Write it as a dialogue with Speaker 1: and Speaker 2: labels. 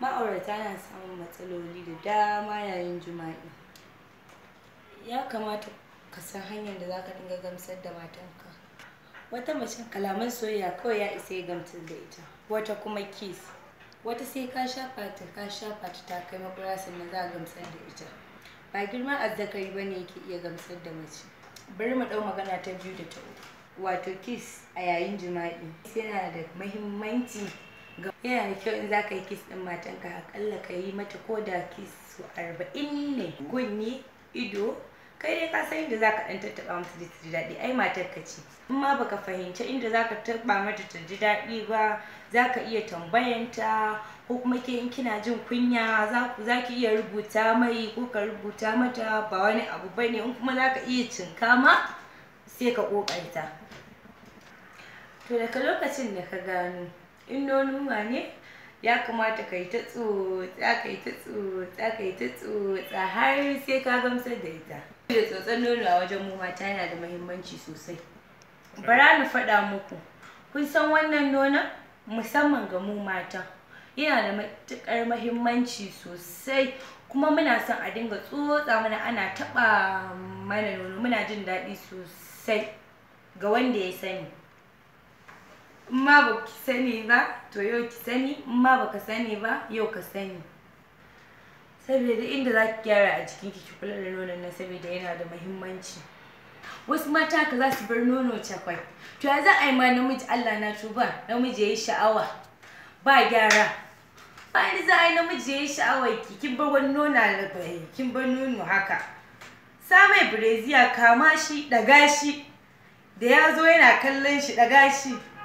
Speaker 1: ma'aurata na samun matsaloli da dama yayin jima'i ya kamata ka san hanyar da za ka dinga gamsar da matanka wata macen kalaman soyayya kawai ya isa ya gamsar da ita wata kuma kiss wata sai ka shafa ta ka shafa ta ta kai makura sannan za a gamsar da ita ba girma azzakari ba ne yake iya gamsar da mace bari mu ɗau magana ta biyu da ta uku wato kiss a yayin jima'i yana da muhimmanci yana da kyau in za ka yi kis ɗin matarka, akalla ka yi mata ko da kis su arba'in ne gunni ido kai dai ka san inda za ka ɗan tattaɓa mata da ta ji daɗi ai matar ka ce in ma baka fahimci inda za ka taɓa mata ta ji daɗi ba za ka iya tambayanta ko kuma ke in kina jin kunya za ki iya rubuta mai ko ka rubuta mata ba wani abu ba ne in kuma za ka iya cinkama sai ka ƙoƙarta to daga lokacin da ka gano in nonuwa ne ya kamata ka yi ta tsotsa ka yi ta tsotsa ka yi ta tsotsa har sai ka gamsar da ita da tsotsar nono a wajen mu mata yana da muhimmanci sosai bara na faɗa muku kun san wannan nonon musamman ga mu mata yana da matuƙar muhimmanci sosai kuma muna son a dinga tsotsa mana ana taɓa mana nono muna jin daɗi sosai ga wanda ya sani in ma baki sani ba to yau ki sani in ma baka sani ba yau ka sani saboda inda za ki gyara a jikin ki kula da nonon nan saboda yana da muhimmanci wasu mata ka za su bar nono cakwai to ya za a ma namiji allah na tuba namiji ya yi sha'awa ba gyara ba inda za a yi namiji ya yi sha'awar ki kin bar wani nona na bai kin bar nono haka samai bireziya kama shi daga shi da ya zo yana kallon shi daga shi